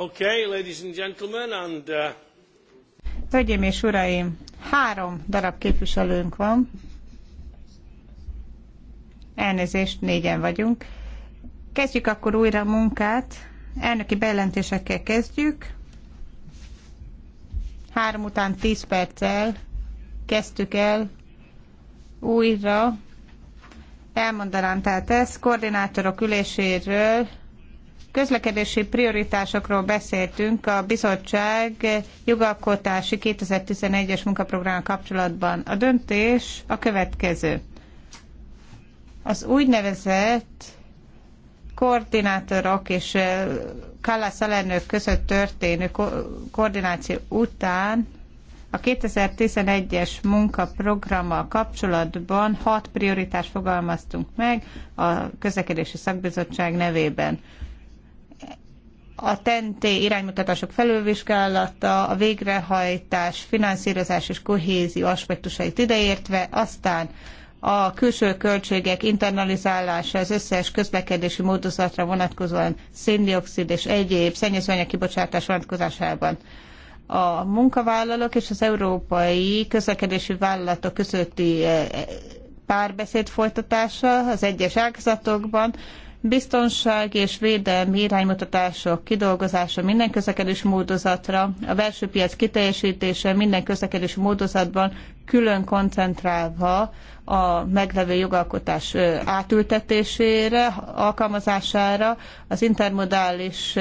Uh, Hölgyeim és uraim, három darab képviselőnk van. Elnézést, négyen vagyunk. Kezdjük akkor újra a munkát. Elnöki bejelentésekkel kezdjük. Három után tíz perccel kezdtük el újra. Elmondanám tehát ezt koordinátorok üléséről közlekedési prioritásokról beszéltünk a bizottság jogalkotási 2011-es munkaprogram kapcsolatban. A döntés a következő. Az úgynevezett koordinátorok és eh, kallas ellenők között történő ko- koordináció után a 2011-es munkaprogrammal kapcsolatban hat prioritást fogalmaztunk meg a közlekedési szakbizottság nevében a TNT iránymutatások felülvizsgálata, a végrehajtás, finanszírozás és kohézió aspektusait ideértve, aztán a külső költségek internalizálása az összes közlekedési módozatra vonatkozóan széndiokszid és egyéb szennyezőanyag kibocsátás vonatkozásában. A munkavállalók és az európai közlekedési vállalatok közötti eh, eh, párbeszéd folytatása az egyes ágazatokban, Biztonság és védelmi iránymutatások kidolgozása minden közlekedés módozatra, a belső piac kiteljesítése minden közlekedés módozatban külön koncentrálva a meglevő jogalkotás átültetésére, alkalmazására, az intermodális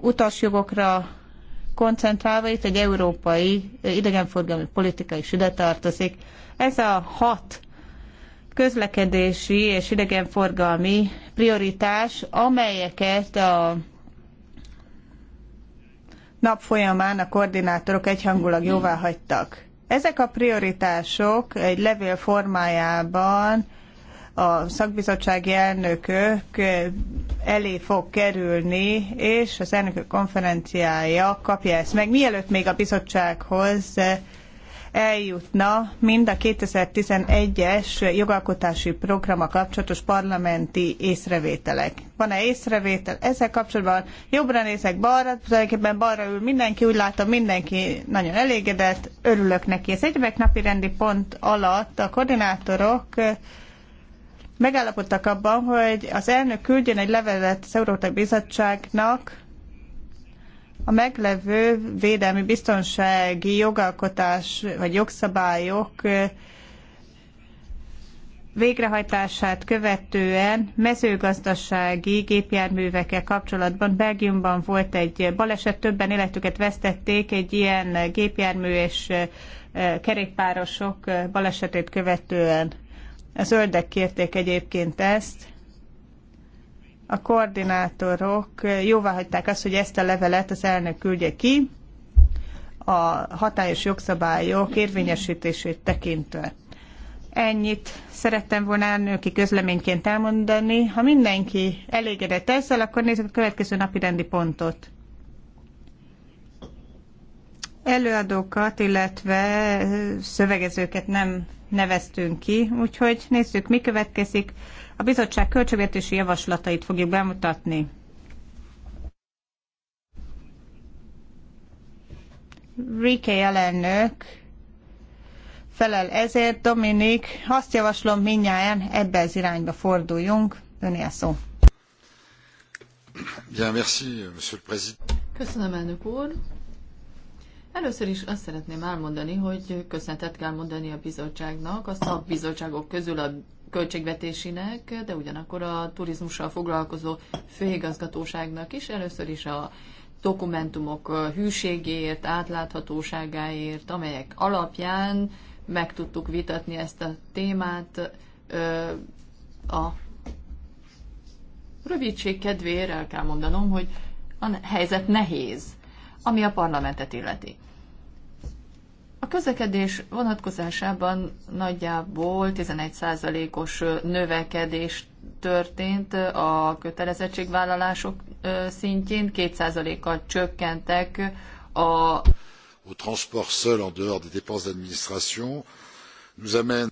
utasjogokra koncentrálva, itt egy európai idegenforgalmi politika is ide tartozik. Ez a hat közlekedési és idegenforgalmi prioritás, amelyeket a nap folyamán a koordinátorok egyhangulag jóvá hagytak. Ezek a prioritások egy levél formájában a szakbizottsági elnökök elé fog kerülni, és az elnökök konferenciája kapja ezt meg, mielőtt még a bizottsághoz eljutna mind a 2011-es jogalkotási programa kapcsolatos parlamenti észrevételek. Van-e észrevétel? Ezzel kapcsolatban jobbra nézek, balra, tulajdonképpen balra ül mindenki, úgy látom mindenki nagyon elégedett, örülök neki. Az egyebek napi rendi pont alatt a koordinátorok eh, megállapodtak abban, hogy az elnök küldjön egy levelet az Európai Bizottságnak, a meglevő védelmi biztonsági jogalkotás vagy jogszabályok végrehajtását követően mezőgazdasági gépjárművekkel kapcsolatban Belgiumban volt egy baleset, többen életüket vesztették egy ilyen gépjármű és kerékpárosok balesetét követően. A zöldek kérték egyébként ezt. A koordinátorok jóváhagyták azt, hogy ezt a levelet az elnök küldje ki a hatályos jogszabályok érvényesítését tekintve. Ennyit szerettem volna elnöki közleményként elmondani. Ha mindenki elégedett ezzel, akkor nézzük a következő napi rendi pontot előadókat, illetve szövegezőket nem neveztünk ki, úgyhogy nézzük, mi következik. A bizottság költségvetési javaslatait fogjuk bemutatni. Rike elnök felel ezért, Dominik, azt javaslom mindjárt ebbe az irányba forduljunk. Öné a szó. Bien, merci, monsieur le président. Köszönöm, elnök úr. Először is azt szeretném elmondani, hogy köszönetet kell mondani a bizottságnak, a szakbizottságok közül a költségvetésinek, de ugyanakkor a turizmussal foglalkozó főigazgatóságnak is. Először is a dokumentumok hűségéért, átláthatóságáért, amelyek alapján meg tudtuk vitatni ezt a témát. A rövidség kedvéért el kell mondanom, hogy a helyzet nehéz, ami a parlamentet illeti. A közlekedés vonatkozásában nagyjából 11%-os növekedés történt a kötelezettségvállalások szintjén, 2%-kal csökkentek a au transport seul en dehors des dépenses d'administration nous amène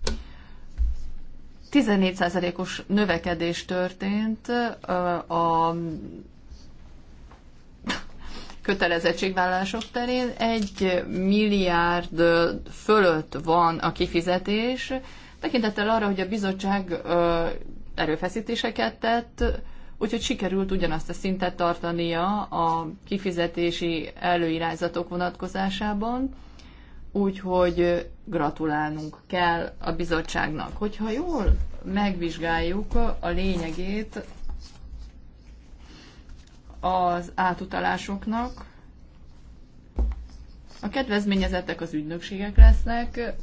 14%-os növekedés történt a kötelezettségvállások terén egy milliárd fölött van a kifizetés, tekintettel arra, hogy a bizottság erőfeszítéseket tett, úgyhogy sikerült ugyanazt a szintet tartania a kifizetési előirányzatok vonatkozásában, úgyhogy gratulálnunk kell a bizottságnak. Hogyha jól megvizsgáljuk a lényegét az átutalásoknak. A kedvezményezettek az ügynökségek lesznek,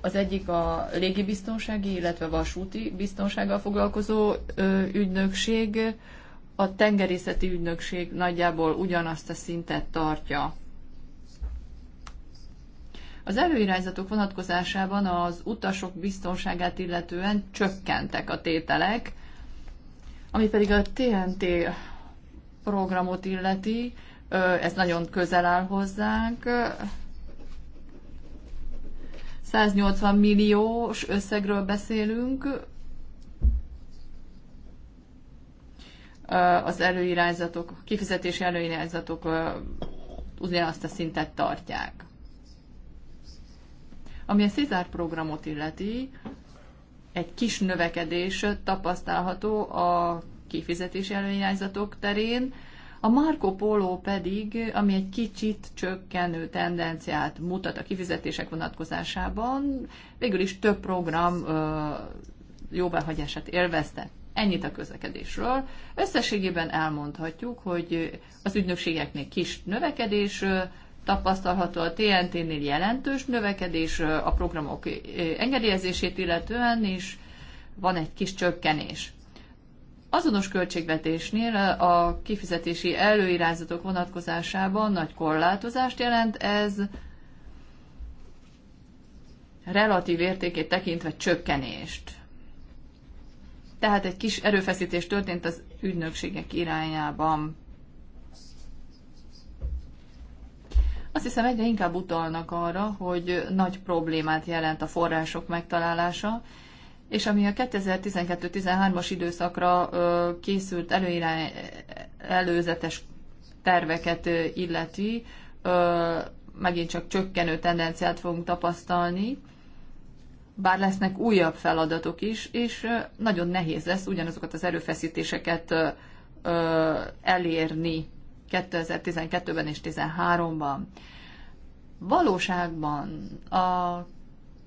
az egyik a légibiztonsági, illetve vasúti biztonsággal foglalkozó ügynökség, a tengerészeti ügynökség nagyjából ugyanazt a szintet tartja. Az előirányzatok vonatkozásában az utasok biztonságát illetően csökkentek a tételek, ami pedig a TNT programot illeti, ez nagyon közel áll hozzánk. 180 milliós összegről beszélünk. Az előirányzatok, kifizetési előirányzatok ugyanazt a szintet tartják. Ami a Cézár programot illeti, egy kis növekedés tapasztalható a kifizetési előirányzatok terén, a Marco Polo pedig, ami egy kicsit csökkenő tendenciát mutat a kifizetések vonatkozásában, végül is több program ö, jóváhagyását élvezte. Ennyit a közlekedésről. Összességében elmondhatjuk, hogy az ügynökségeknél kis növekedés tapasztalható a TNT-nél jelentős növekedés a programok engedélyezését illetően, és van egy kis csökkenés. Azonos költségvetésnél a kifizetési előirányzatok vonatkozásában nagy korlátozást jelent ez, relatív értékét tekintve csökkenést. Tehát egy kis erőfeszítés történt az ügynökségek irányában. Azt hiszem egyre inkább utalnak arra, hogy nagy problémát jelent a források megtalálása, és ami a 2012-13-as időszakra készült előirány, előzetes terveket illeti, megint csak csökkenő tendenciát fogunk tapasztalni, bár lesznek újabb feladatok is, és nagyon nehéz lesz ugyanazokat az erőfeszítéseket elérni. 2012-ben és 2013-ban. Valóságban a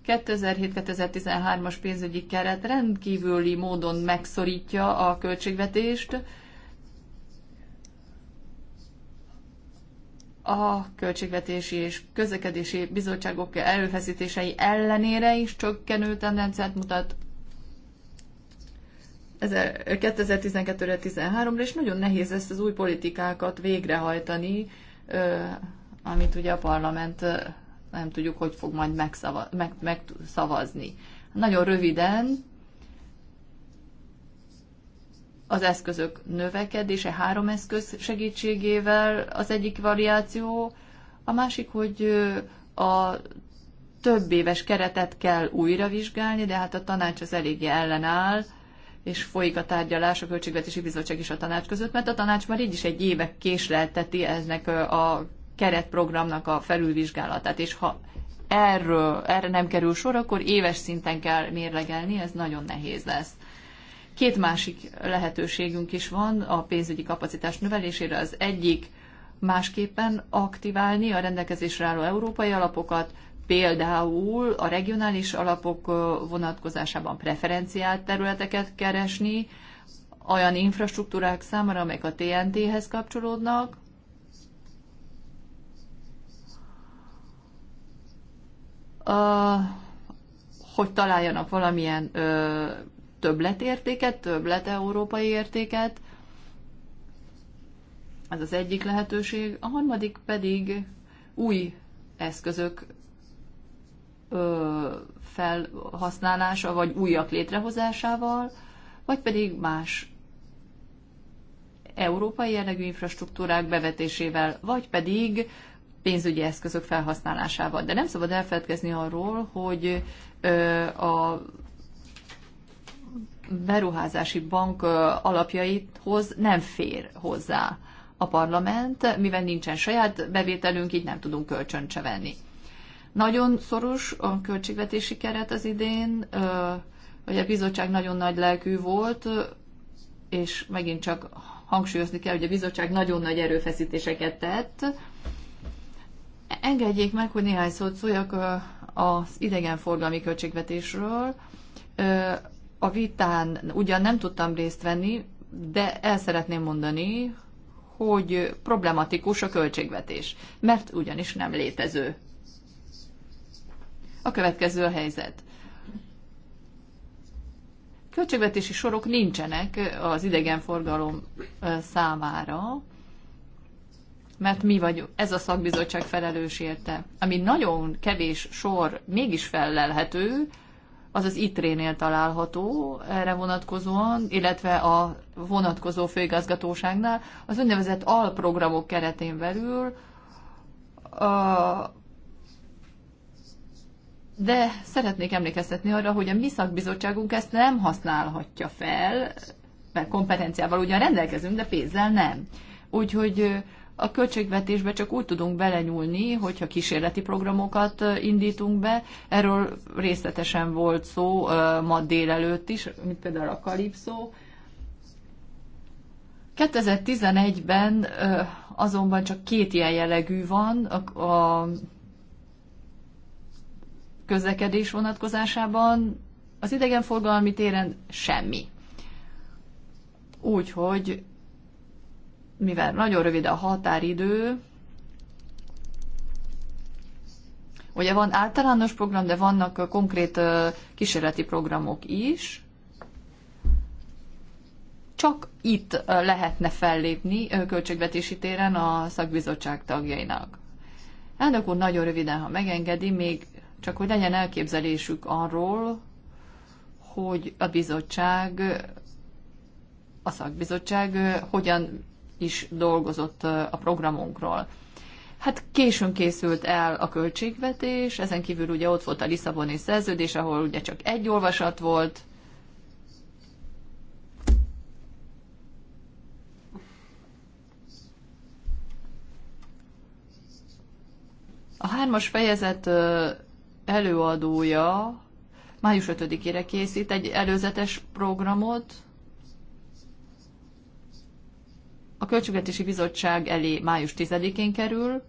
2007-2013-as pénzügyi keret rendkívüli módon megszorítja a költségvetést, a Költségvetési és Közlekedési Bizottságok előfeszítései ellenére is csökkenő tendenciát mutat 2012-re, 13-ra, és nagyon nehéz ezt az új politikákat végrehajtani, amit ugye a parlament nem tudjuk, hogy fog majd megszavazni. Nagyon röviden az eszközök növekedése három eszköz segítségével az egyik variáció, a másik, hogy a több éves keretet kell újra vizsgálni, de hát a tanács az eléggé ellenáll, és folyik a tárgyalás a Költségvetési Bizottság és a tanács között, mert a tanács már így is egy éve késlelteti eznek a keretprogramnak a felülvizsgálatát, és ha erről, erre nem kerül sor, akkor éves szinten kell mérlegelni, ez nagyon nehéz lesz. Két másik lehetőségünk is van a pénzügyi kapacitás növelésére. Az egyik másképpen aktiválni a rendelkezésre álló európai alapokat, például a regionális alapok vonatkozásában preferenciált területeket keresni, olyan infrastruktúrák számára, amelyek a TNT-hez kapcsolódnak, hogy találjanak valamilyen többletértéket, többlet európai értéket. Ez az egyik lehetőség. A harmadik pedig új eszközök felhasználása, vagy újak létrehozásával, vagy pedig más európai jellegű infrastruktúrák bevetésével, vagy pedig pénzügyi eszközök felhasználásával. De nem szabad elfeledkezni arról, hogy a beruházási bank alapjaithoz nem fér hozzá a parlament, mivel nincsen saját bevételünk, így nem tudunk kölcsönt se venni. Nagyon szoros a költségvetési keret az idén, hogy a bizottság nagyon nagy lelkű volt, és megint csak hangsúlyozni kell, hogy a bizottság nagyon nagy erőfeszítéseket tett. Engedjék meg, hogy néhány szót szóljak az idegenforgalmi költségvetésről. A vitán ugyan nem tudtam részt venni, de el szeretném mondani, hogy problematikus a költségvetés, mert ugyanis nem létező. A következő a helyzet. Költségvetési sorok nincsenek az idegenforgalom számára, mert mi vagyunk, ez a szakbizottság felelős érte. Ami nagyon kevés sor mégis fellelhető, az az ITRÉ-nél található erre vonatkozóan, illetve a vonatkozó főigazgatóságnál, az úgynevezett alprogramok keretén belül a, de szeretnék emlékeztetni arra, hogy a mi szakbizottságunk ezt nem használhatja fel, mert kompetenciával ugyan rendelkezünk, de pénzzel nem. Úgyhogy a költségvetésbe csak úgy tudunk belenyúlni, hogyha kísérleti programokat indítunk be. Erről részletesen volt szó ma délelőtt is, mint például a Kalipszó. 2011-ben azonban csak két ilyen jellegű van, a közlekedés vonatkozásában, az idegenforgalmi téren semmi. Úgyhogy, mivel nagyon rövid a határidő, ugye van általános program, de vannak konkrét kísérleti programok is, csak itt lehetne fellépni költségvetési téren a szakbizottság tagjainak. Elnök úr, nagyon röviden, ha megengedi, még csak hogy legyen elképzelésük arról, hogy a bizottság, a szakbizottság hogyan is dolgozott a programunkról. Hát későn készült el a költségvetés, ezen kívül ugye ott volt a Lisszaboni szerződés, ahol ugye csak egy olvasat volt. A hármas fejezet előadója május 5-ére készít egy előzetes programot, a Költségvetési Bizottság elé május 10-én kerül,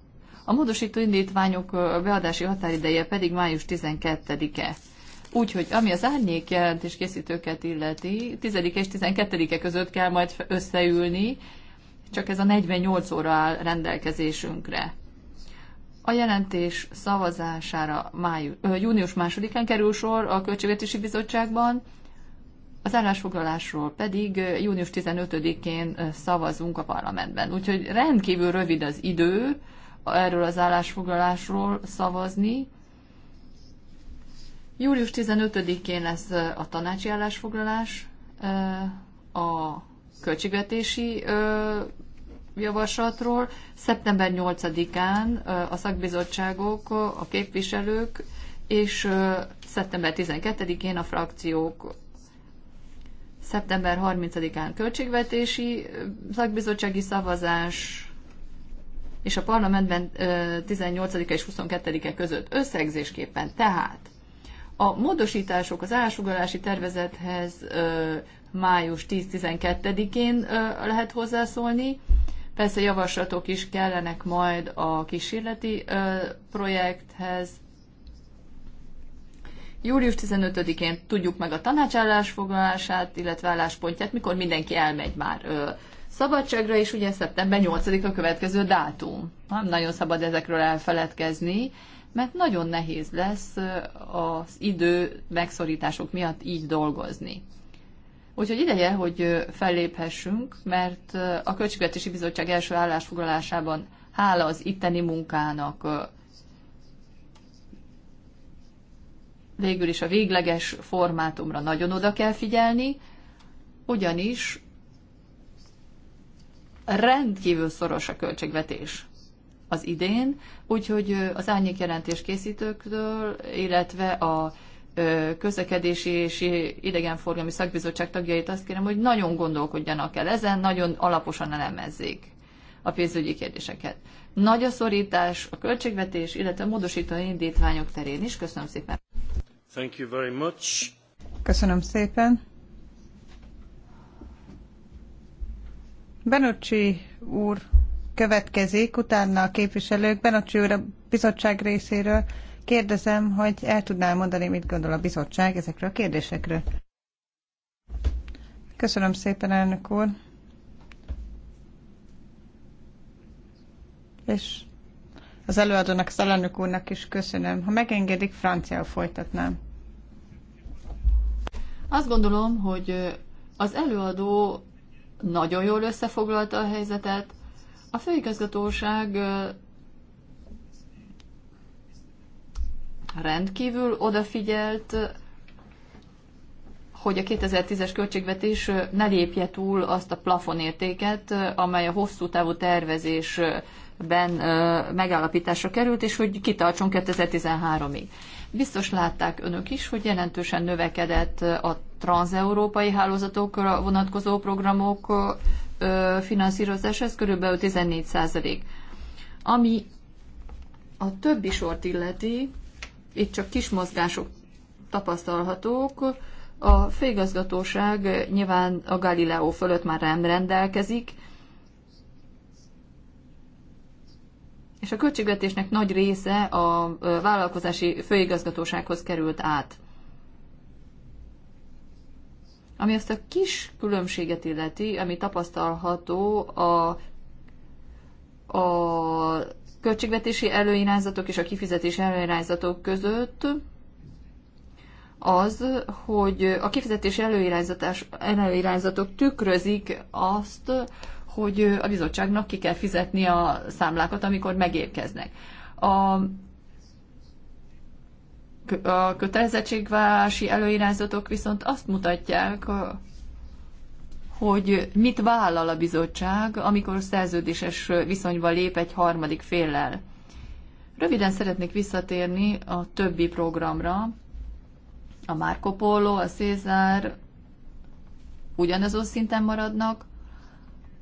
a módosító indítványok beadási határideje pedig május 12-e. Úgyhogy ami az árnyék jelentés készítőket illeti, 10 -e és 12-e között kell majd összeülni, csak ez a 48 óra áll rendelkezésünkre. A jelentés szavazására május, június másodikán kerül sor a Költségvetési Bizottságban, az állásfoglalásról pedig június 15-én szavazunk a parlamentben. Úgyhogy rendkívül rövid az idő erről az állásfoglalásról szavazni. Július 15-én lesz a tanácsi állásfoglalás, a költségvetési javaslatról. Szeptember 8-án a szakbizottságok, a képviselők és szeptember 12-én a frakciók szeptember 30-án költségvetési szakbizottsági szavazás, és a parlamentben 18 -e és 22-e között összegzésképpen. Tehát a módosítások az ásugalási tervezethez május 10-12-én lehet hozzászólni, Persze javaslatok is kellenek majd a kísérleti projekthez. Július 15-én tudjuk meg a tanácsállás foglalását illetve álláspontját, mikor mindenki elmegy már szabadságra, és ugye szeptember 8 a következő dátum. Nem nagyon szabad ezekről elfeledkezni, mert nagyon nehéz lesz az idő megszorítások miatt így dolgozni. Úgyhogy ideje, hogy felléphessünk, mert a Költségvetési Bizottság első állásfoglalásában hála az itteni munkának végül is a végleges formátumra nagyon oda kell figyelni, ugyanis rendkívül szoros a költségvetés az idén, úgyhogy az árnyék jelentés készítőktől, illetve a közlekedési és idegenforgalmi szakbizottság tagjait azt kérem, hogy nagyon gondolkodjanak el ezen, nagyon alaposan elemezzék a pénzügyi kérdéseket. Nagy a szorítás, a költségvetés, illetve a módosító indítványok terén is. Köszönöm szépen. Thank you very much. Köszönöm szépen. Benocsi úr következik, utána a képviselők. Benocsi úr a bizottság részéről. Kérdezem, hogy el tudnál mondani, mit gondol a bizottság ezekről a kérdésekről? Köszönöm szépen, elnök úr. És az előadónak, az elnök úrnak is köszönöm. Ha megengedik, franciául folytatnám. Azt gondolom, hogy az előadó nagyon jól összefoglalta a helyzetet. A főigazgatóság rendkívül odafigyelt, hogy a 2010-es költségvetés ne lépje túl azt a plafonértéket, amely a hosszú távú tervezésben megállapításra került, és hogy kitartson 2013-ig. Biztos látták önök is, hogy jelentősen növekedett a transeurópai hálózatokra vonatkozó programok finanszírozása, ez körülbelül 14 százalék. Ami a többi sort illeti, itt csak kis mozgások tapasztalhatók. A főigazgatóság nyilván a Galileo fölött már nem rendelkezik, és a költségvetésnek nagy része a vállalkozási főigazgatósághoz került át. Ami azt a kis különbséget illeti, ami tapasztalható a, a költségvetési előirányzatok és a kifizetési előirányzatok között az, hogy a kifizetési előirányzatok tükrözik azt, hogy a bizottságnak ki kell fizetni a számlákat, amikor megérkeznek. A, a kötelezettségvállalási előirányzatok viszont azt mutatják, hogy mit vállal a bizottság, amikor szerződéses viszonyba lép egy harmadik féllel. Röviden szeretnék visszatérni a többi programra, a Marco Polo, a Cézár ugyanazon szinten maradnak,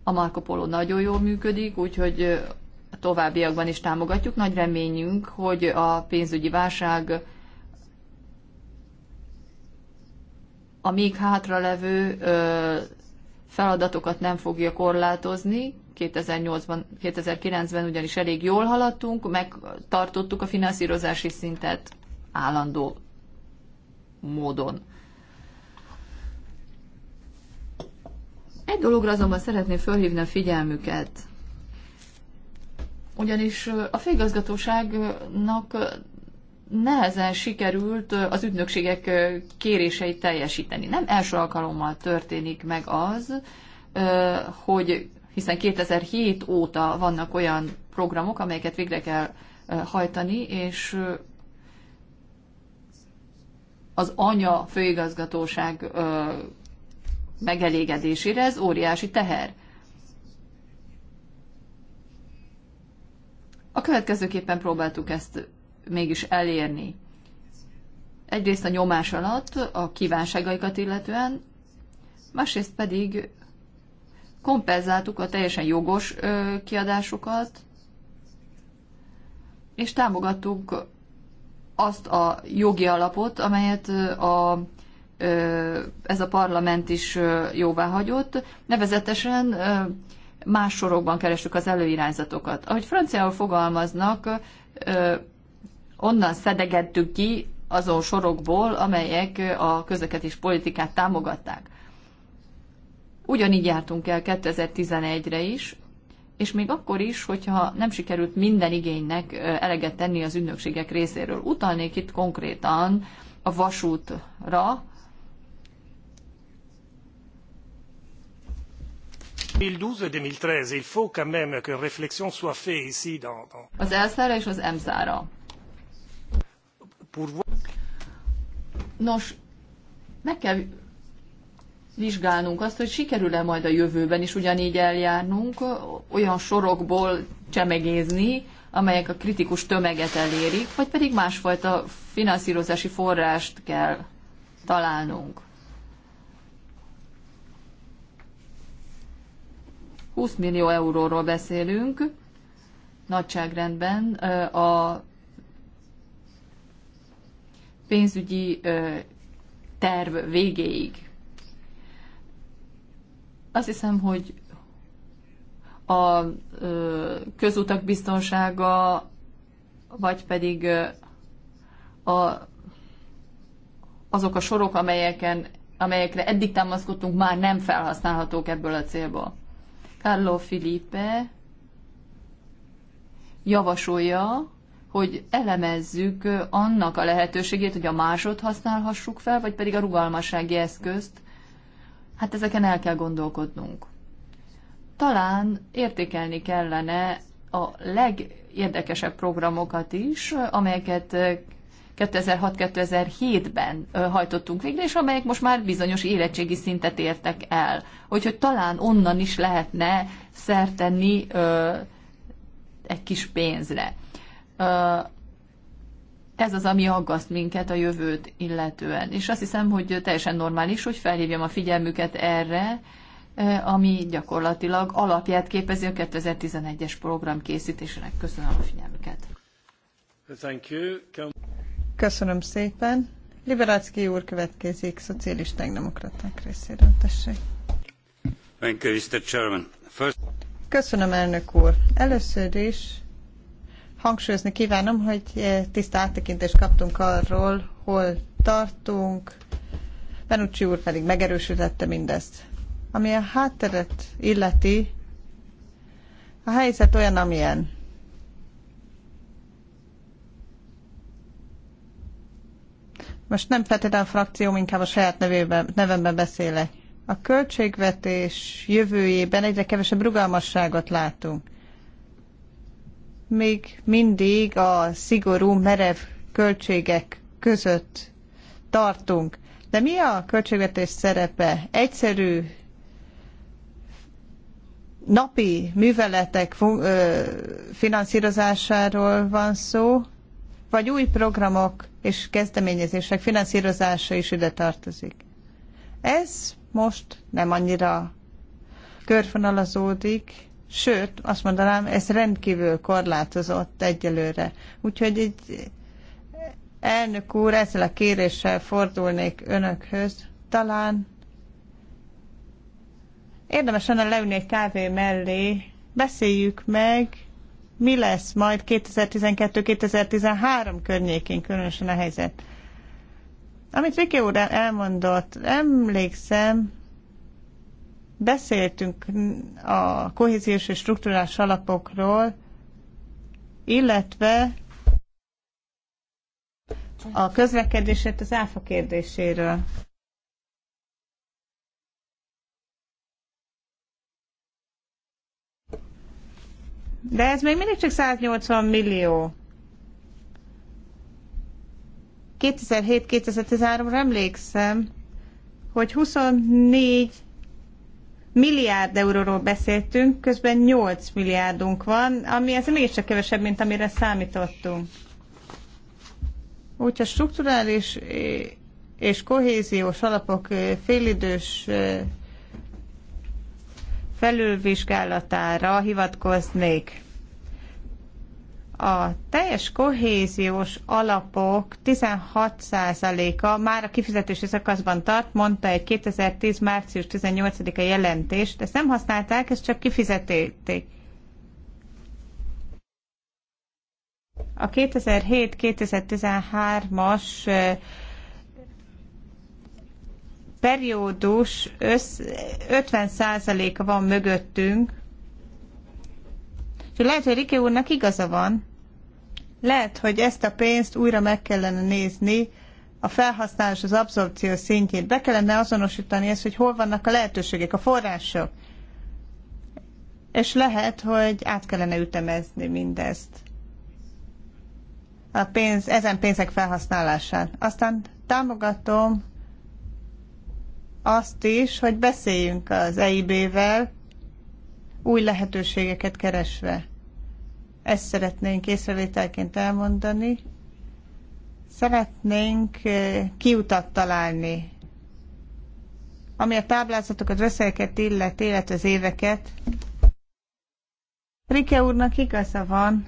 a Marco Polo nagyon jól működik, úgyhogy a továbbiakban is támogatjuk. Nagy reményünk, hogy a pénzügyi válság a még hátralevő feladatokat nem fogja korlátozni. 2008-ban, 2009-ben ugyanis elég jól haladtunk, megtartottuk a finanszírozási szintet állandó módon. Egy dologra azonban szeretném fölhívni a figyelmüket. Ugyanis a főigazgatóságnak nehezen sikerült az ügynökségek kéréseit teljesíteni. Nem első alkalommal történik meg az, hogy hiszen 2007 óta vannak olyan programok, amelyeket végre kell hajtani, és az anya főigazgatóság megelégedésére ez óriási teher. A következőképpen próbáltuk ezt mégis elérni. Egyrészt a nyomás alatt a kívánságaikat illetően, másrészt pedig kompenzáltuk a teljesen jogos kiadásokat, és támogattuk azt a jogi alapot, amelyet a, ez a parlament is jóvá hagyott. Nevezetesen más sorokban keresük az előirányzatokat. Ahogy franciául fogalmaznak, onnan szedegettük ki azon sorokból, amelyek a közlekedés politikát támogatták. Ugyanígy jártunk el 2011-re is, és még akkor is, hogyha nem sikerült minden igénynek eleget tenni az ügynökségek részéről. Utalnék itt konkrétan a vasútra. Az elszára és az emszára. Nos, meg kell vizsgálnunk azt, hogy sikerül-e majd a jövőben is ugyanígy eljárnunk, olyan sorokból csemegézni, amelyek a kritikus tömeget elérik, vagy pedig másfajta finanszírozási forrást kell találnunk. 20 millió euróról beszélünk, nagyságrendben a pénzügyi terv végéig. Azt hiszem, hogy a közutak biztonsága, vagy pedig a, azok a sorok, amelyeken, amelyekre eddig támaszkodtunk, már nem felhasználhatók ebből a célból. Carlo Filipe javasolja, hogy elemezzük annak a lehetőségét, hogy a másod használhassuk fel, vagy pedig a rugalmassági eszközt. Hát ezeken el kell gondolkodnunk. Talán értékelni kellene a legérdekesebb programokat is, amelyeket 2006-2007-ben hajtottunk végre, és amelyek most már bizonyos érettségi szintet értek el. Úgyhogy talán onnan is lehetne szertenni egy kis pénzre ez az, ami aggaszt minket a jövőt illetően. És azt hiszem, hogy teljesen normális, hogy felhívjam a figyelmüket erre, ami gyakorlatilag alapját képezi a 2011-es program készítésének. Köszönöm a figyelmüket. Köszönöm szépen. Liberácki úr következik, szocialisták demokraták részéről, tessék. Thank you, Mr. Chairman. First... Köszönöm, elnök úr. Először is Hangsúlyozni kívánom, hogy eh, tiszta áttekintést kaptunk arról, hol tartunk. Benucci úr pedig megerősítette mindezt. Ami a hátteret illeti, a helyzet olyan, amilyen. Most nem feltétlenül a frakcióm, inkább a saját nevében, nevemben beszélek. A költségvetés jövőjében egyre kevesebb rugalmasságot látunk még mindig a szigorú, merev költségek között tartunk. De mi a költségvetés szerepe? Egyszerű napi műveletek finanszírozásáról van szó, vagy új programok és kezdeményezések finanszírozása is ide tartozik. Ez most nem annyira körvonalazódik, Sőt, azt mondanám, ez rendkívül korlátozott egyelőre. Úgyhogy egy elnök úr, ezzel a kéréssel fordulnék önökhöz. Talán érdemes lenne leülni egy kávé mellé, beszéljük meg, mi lesz majd 2012-2013 környékén különösen a helyzet. Amit Viki úr elmondott, emlékszem, Beszéltünk a kohéziós és struktúrás alapokról, illetve a közlekedését az áfa kérdéséről. De ez még mindig csak 180 millió. 2007-2013-ra emlékszem, hogy 24 milliárd euróról beszéltünk, közben 8 milliárdunk van, ami ez mégiscsak kevesebb, mint amire számítottunk. Úgyhogy a strukturális és kohéziós alapok félidős felülvizsgálatára hivatkoznék a teljes kohéziós alapok 16%-a már a kifizetési szakaszban tart, mondta egy 2010. március 18-a jelentést. Ezt nem használták, ezt csak kifizetették. A 2007-2013-as periódus 50%-a van mögöttünk, és lehet, hogy Riki úrnak igaza van, lehet, hogy ezt a pénzt újra meg kellene nézni, a felhasználás az abszorpció szintjét. Be kellene azonosítani ezt, hogy hol vannak a lehetőségek, a források. És lehet, hogy át kellene ütemezni mindezt. A pénz, ezen pénzek felhasználásán. Aztán támogatom azt is, hogy beszéljünk az EIB-vel, új lehetőségeket keresve. Ezt szeretnénk észrevételként elmondani. Szeretnénk eh, kiutat találni. Ami a táblázatokat, veszélyeket illet, illetve az éveket. Rike úrnak igaza van.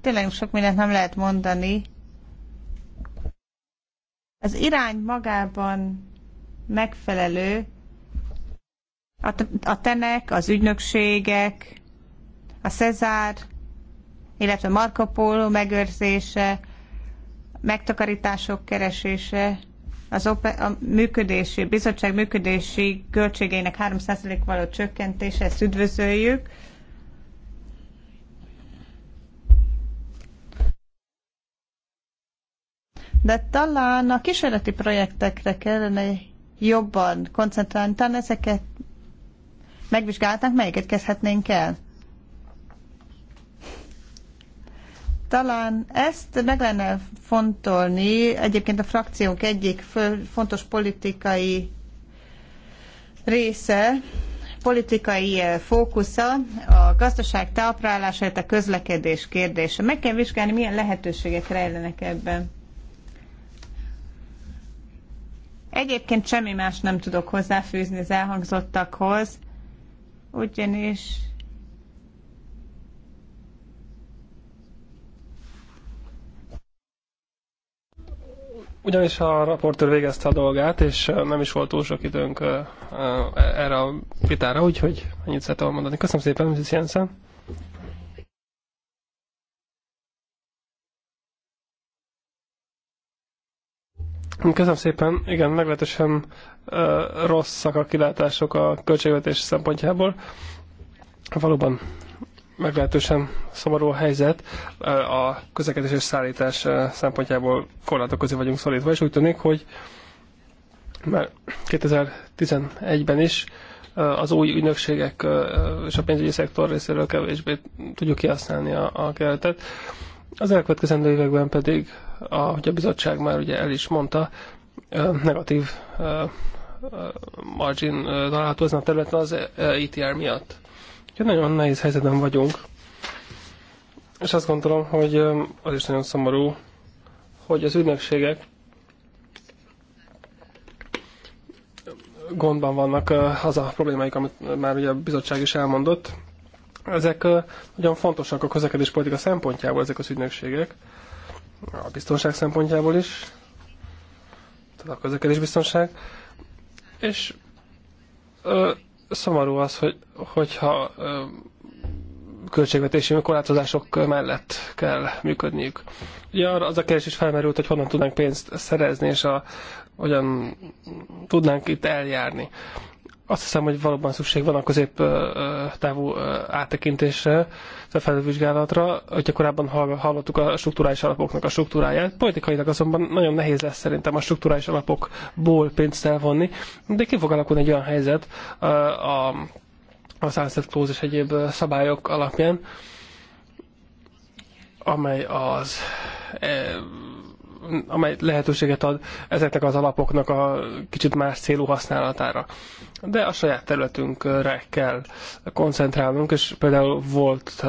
Tényleg sok mindent nem lehet mondani. Az irány magában megfelelő, a, a tenek, az ügynökségek, a Cezár, illetve Marco Polo megőrzése, megtakarítások keresése, az a működési, bizottság működési költségeinek 3% való csökkentése, ezt üdvözöljük. De talán a kísérleti projektekre kellene jobban koncentrálni, talán ezeket megvizsgálták, melyiket kezdhetnénk el? Talán ezt meg lenne fontolni, egyébként a frakciónk egyik fontos politikai része, politikai eh, fókusza a gazdaság táprálása, a közlekedés kérdése. Meg kell vizsgálni, milyen lehetőségek rejlenek ebben. Egyébként semmi más nem tudok hozzáfűzni az elhangzottakhoz, ugyanis Ugyanis a raportőr végezte a dolgát, és nem is volt túl sok időnk erre a vitára, úgyhogy ennyit szeretem mondani. Köszönöm szépen, Mrs. Jensen. Köszönöm szépen. Igen, meglehetősen rosszak a kilátások a költségvetés szempontjából. Valóban meglehetősen szomorú a helyzet. A közlekedés és szállítás szempontjából korlátok közé vagyunk szorítva, és úgy tűnik, hogy már 2011-ben is az új ügynökségek és a pénzügyi szektor részéről kevésbé tudjuk kihasználni a, a keretet. Az elkövetkezendő években pedig, ahogy a bizottság már ugye el is mondta, negatív margin található ezen a területen az ETR miatt. Ja, nagyon nehéz helyzetben vagyunk. És azt gondolom, hogy az is nagyon szomorú, hogy az ügynökségek gondban vannak az a problémáik, amit már ugye a bizottság is elmondott. Ezek nagyon fontosak a közlekedés politika szempontjából, ezek az ügynökségek, a biztonság szempontjából is, tehát a közlekedés biztonság. És szomorú az, hogy, hogyha költségvetési korlátozások mellett kell működniük. Ja, az a kérdés is felmerült, hogy honnan tudnánk pénzt szerezni, és a, hogyan tudnánk itt eljárni azt hiszem, hogy valóban szükség van a középtávú áttekintésre, a felülvizsgálatra, hogyha korábban hallottuk a strukturális alapoknak a struktúráját. Politikailag azonban nagyon nehéz lesz szerintem a strukturális alapokból pénzt elvonni, de ki fog alakulni egy olyan helyzet a, a Sunset Clause és egyéb szabályok alapján, amely az amely lehetőséget ad ezeknek az alapoknak a kicsit más célú használatára. De a saját területünkre kell koncentrálnunk, és például volt,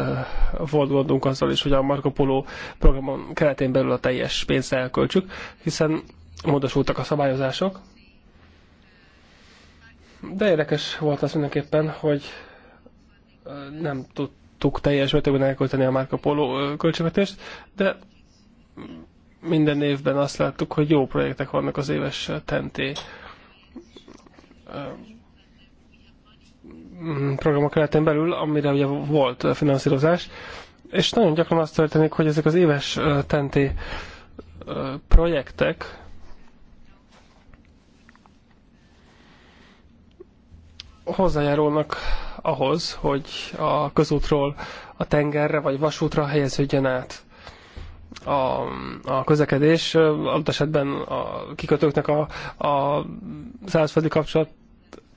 volt gondunk azzal is, hogy a Marco Polo programon keretén belül a teljes pénzt elköltsük, hiszen módosultak a szabályozások. De érdekes volt az mindenképpen, hogy nem tudtuk teljes mértékben elkölteni a Marco Polo költségvetést, de minden évben azt láttuk, hogy jó projektek vannak az éves tenté eh, programok keretén belül, amire ugye volt finanszírozás, és nagyon gyakran az történik, hogy ezek az éves eh, tenté eh, projektek hozzájárulnak ahhoz, hogy a közútról a tengerre vagy vasútra helyeződjen át a, a közlekedés, adott esetben a kikötőknek a, a szárazföldi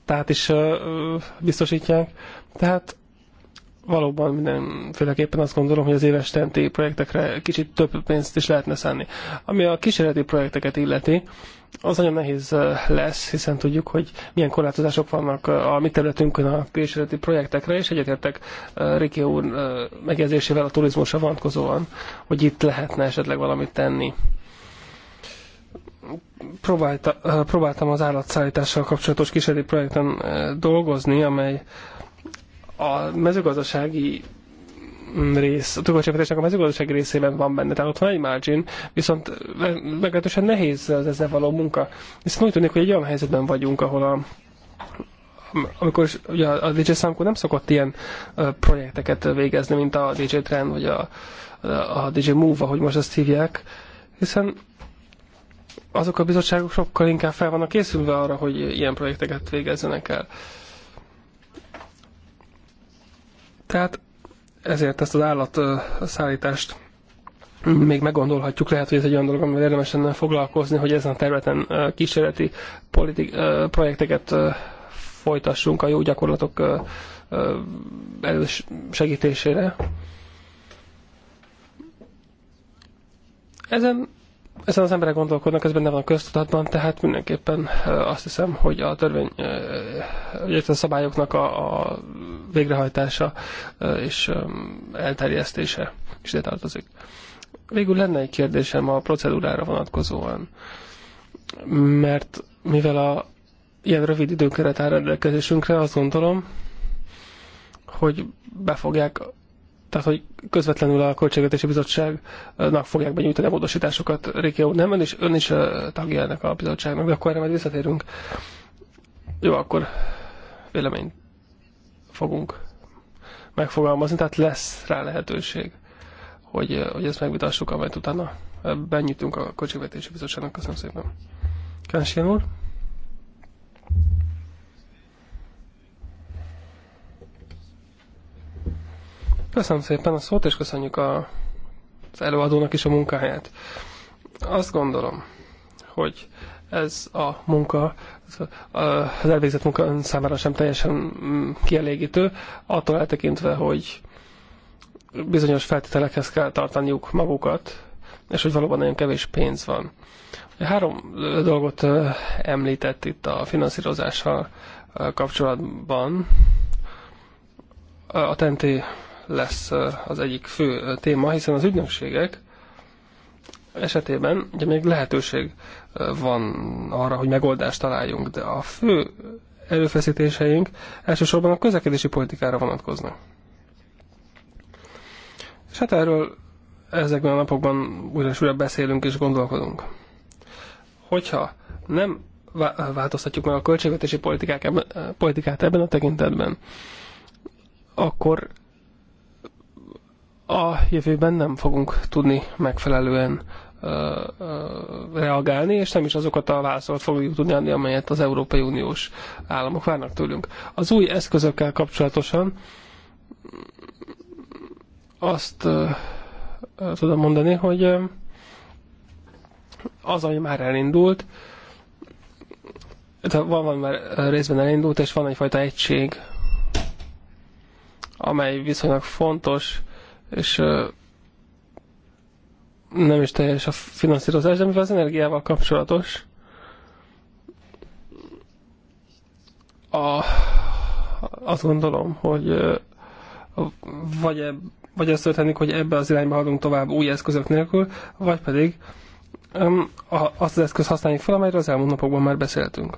tehát is biztosítják. Tehát valóban mindenféleképpen azt gondolom, hogy az éves TNT projektekre kicsit több pénzt is lehetne szánni. Ami a kísérleti projekteket illeti, az nagyon nehéz lesz, hiszen tudjuk, hogy milyen korlátozások vannak a mi területünkön a kísérleti projektekre, és egyetértek Riki úr megjegyzésével a turizmusra vonatkozóan, hogy itt lehetne esetleg valamit tenni. Próbálta, próbáltam az állatszállítással kapcsolatos kísérleti projekten dolgozni, amely a mezőgazdasági rész, a tugorcsökkentésnek a mezőgazdasági részében van benne, tehát ott van egy margin, viszont meglehetősen nehéz az ezzel való munka. Hiszen úgy tűnik, hogy egy olyan helyzetben vagyunk, ahol a amikor ugye a DJ Samco nem szokott ilyen projekteket végezni, mint a DJ Trend, vagy a, a DJ Move, ahogy most ezt hívják, hiszen azok a bizottságok sokkal inkább fel vannak készülve arra, hogy ilyen projekteket végezzenek el. Tehát ezért ezt az állatszállítást még meggondolhatjuk, lehet, hogy ez egy olyan dolog, amivel érdemes lenne foglalkozni, hogy ezen a területen kísérleti politik, projekteket folytassunk a jó gyakorlatok segítésére. Ezen ezen az emberek gondolkodnak, ez benne van a köztudatban, tehát mindenképpen azt hiszem, hogy a törvény, illetve a szabályoknak a, a végrehajtása és elterjesztése is ide tartozik. Végül lenne egy kérdésem a procedúrára vonatkozóan, mert mivel a ilyen rövid időkeret áll rendelkezésünkre, azt gondolom, hogy be fogják tehát hogy közvetlenül a Költségvetési Bizottságnak fogják benyújtani a módosításokat Rékió nem, és ön is tagja ennek a bizottságnak, de akkor erre majd visszatérünk. Jó, akkor véleményt fogunk megfogalmazni, tehát lesz rá lehetőség, hogy, hogy ezt megvitassuk, amelyet utána benyújtunk a Költségvetési Bizottságnak. Köszönöm szépen. Kánsi úr? Köszönöm szépen a szót, és köszönjük a, az előadónak is a munkáját. Azt gondolom, hogy ez a munka, az elvégzett munka ön számára sem teljesen mm, kielégítő, attól eltekintve, hogy bizonyos feltételekhez kell tartaniuk magukat, és hogy valóban nagyon kevés pénz van. Három dolgot említett itt a finanszírozással kapcsolatban. A tenti lesz az egyik fő téma, hiszen az ügynökségek esetében ugye még lehetőség van arra, hogy megoldást találjunk, de a fő erőfeszítéseink elsősorban a közlekedési politikára vonatkoznak. És hát erről ezekben a napokban újra és újra beszélünk és gondolkodunk. Hogyha nem változtatjuk meg a költségvetési politikát ebben a tekintetben, akkor a jövőben nem fogunk tudni megfelelően reagálni, és nem is azokat a válaszokat fogjuk tudni adni, amelyet az Európai Uniós államok várnak tőlünk. Az új eszközökkel kapcsolatosan azt tudom mondani, hogy az, ami már elindult, tehát van, van már részben elindult, és van egyfajta egység, amely viszonylag fontos, és nem is teljes a finanszírozás, de mivel az energiával kapcsolatos, a, azt gondolom, hogy vagy, eb, vagy az történik, hogy ebbe az irányba haladunk tovább új eszközök nélkül, vagy pedig um, a, azt az eszköz használjuk fel, amelyről az elmúlt napokban már beszéltünk.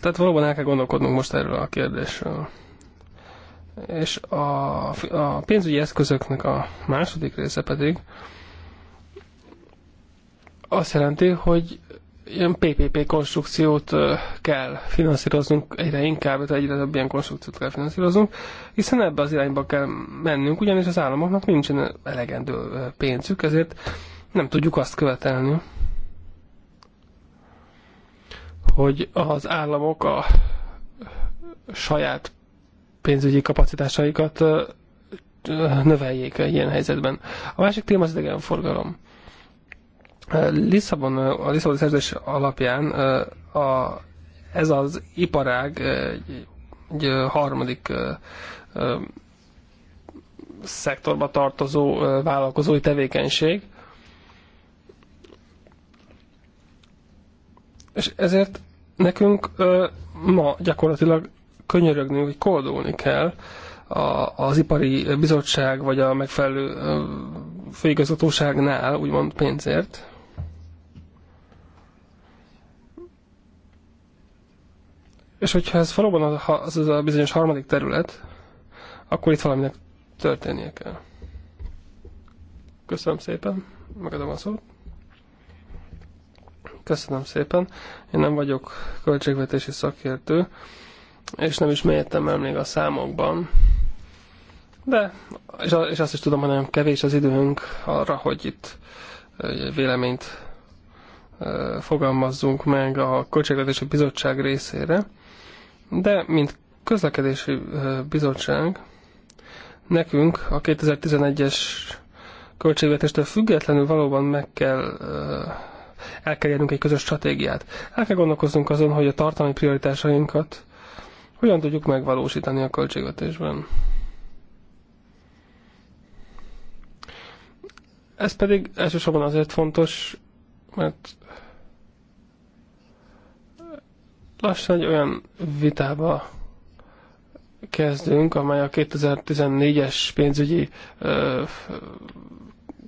Tehát valóban el kell gondolkodnunk most erről a kérdésről és a, a pénzügyi eszközöknek a második része pedig azt jelenti, hogy ilyen PPP konstrukciót kell finanszíroznunk egyre inkább, tehát egyre több ilyen konstrukciót kell finanszíroznunk, hiszen ebbe az irányba kell mennünk, ugyanis az államoknak nincsen elegendő pénzük, ezért nem tudjuk azt követelni, hogy az államok a saját pénzügyi kapacitásaikat növeljék ilyen helyzetben. A másik téma az idegenforgalom. Lisszabon, a Lisszaboni szerződés alapján a, ez az iparág egy, egy harmadik szektorba tartozó vállalkozói tevékenység. És ezért nekünk ma gyakorlatilag könyörögni, hogy koldulni kell a, az ipari bizottság, vagy a megfelelő főigazgatóságnál, úgymond pénzért. És hogyha ez valóban az, az, az a bizonyos harmadik terület, akkor itt valaminek történnie kell. Köszönöm szépen, megadom a szót. Köszönöm szépen. Én nem vagyok költségvetési szakértő, és nem is mélyedtem el még a számokban. De, és, és azt is tudom, hogy nem kevés az időnk arra, hogy itt véleményt fogalmazzunk meg a Költségvetési Bizottság részére, de mint közlekedési bizottság nekünk a 2011-es költségvetéstől függetlenül valóban meg kell el kell egy közös stratégiát. El kell gondolkoznunk azon, hogy a tartalmi prioritásainkat hogyan tudjuk megvalósítani a költségvetésben. Ez pedig elsősorban azért fontos, mert lassan egy olyan vitába kezdünk, amely a 2014-es pénzügyi ö,